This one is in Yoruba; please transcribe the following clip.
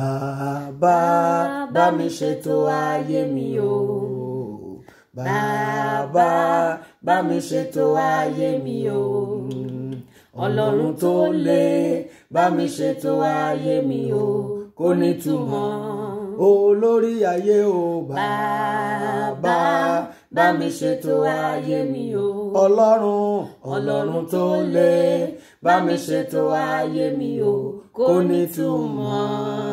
Bàbá bá mi ṣètò ayé mi o. Bàbá bá mi ṣètò ayé mi o. Ọlọ́run tó lè bá mi ṣètò ayé mi o. Kò ní túmọ̀ olórí ayé o. Bàbá bá mi ṣètò ayé mi o. Ọlọ́run ọlọ́run tó lè bá mi ṣètò ayé mi o. Kò ní túmọ̀.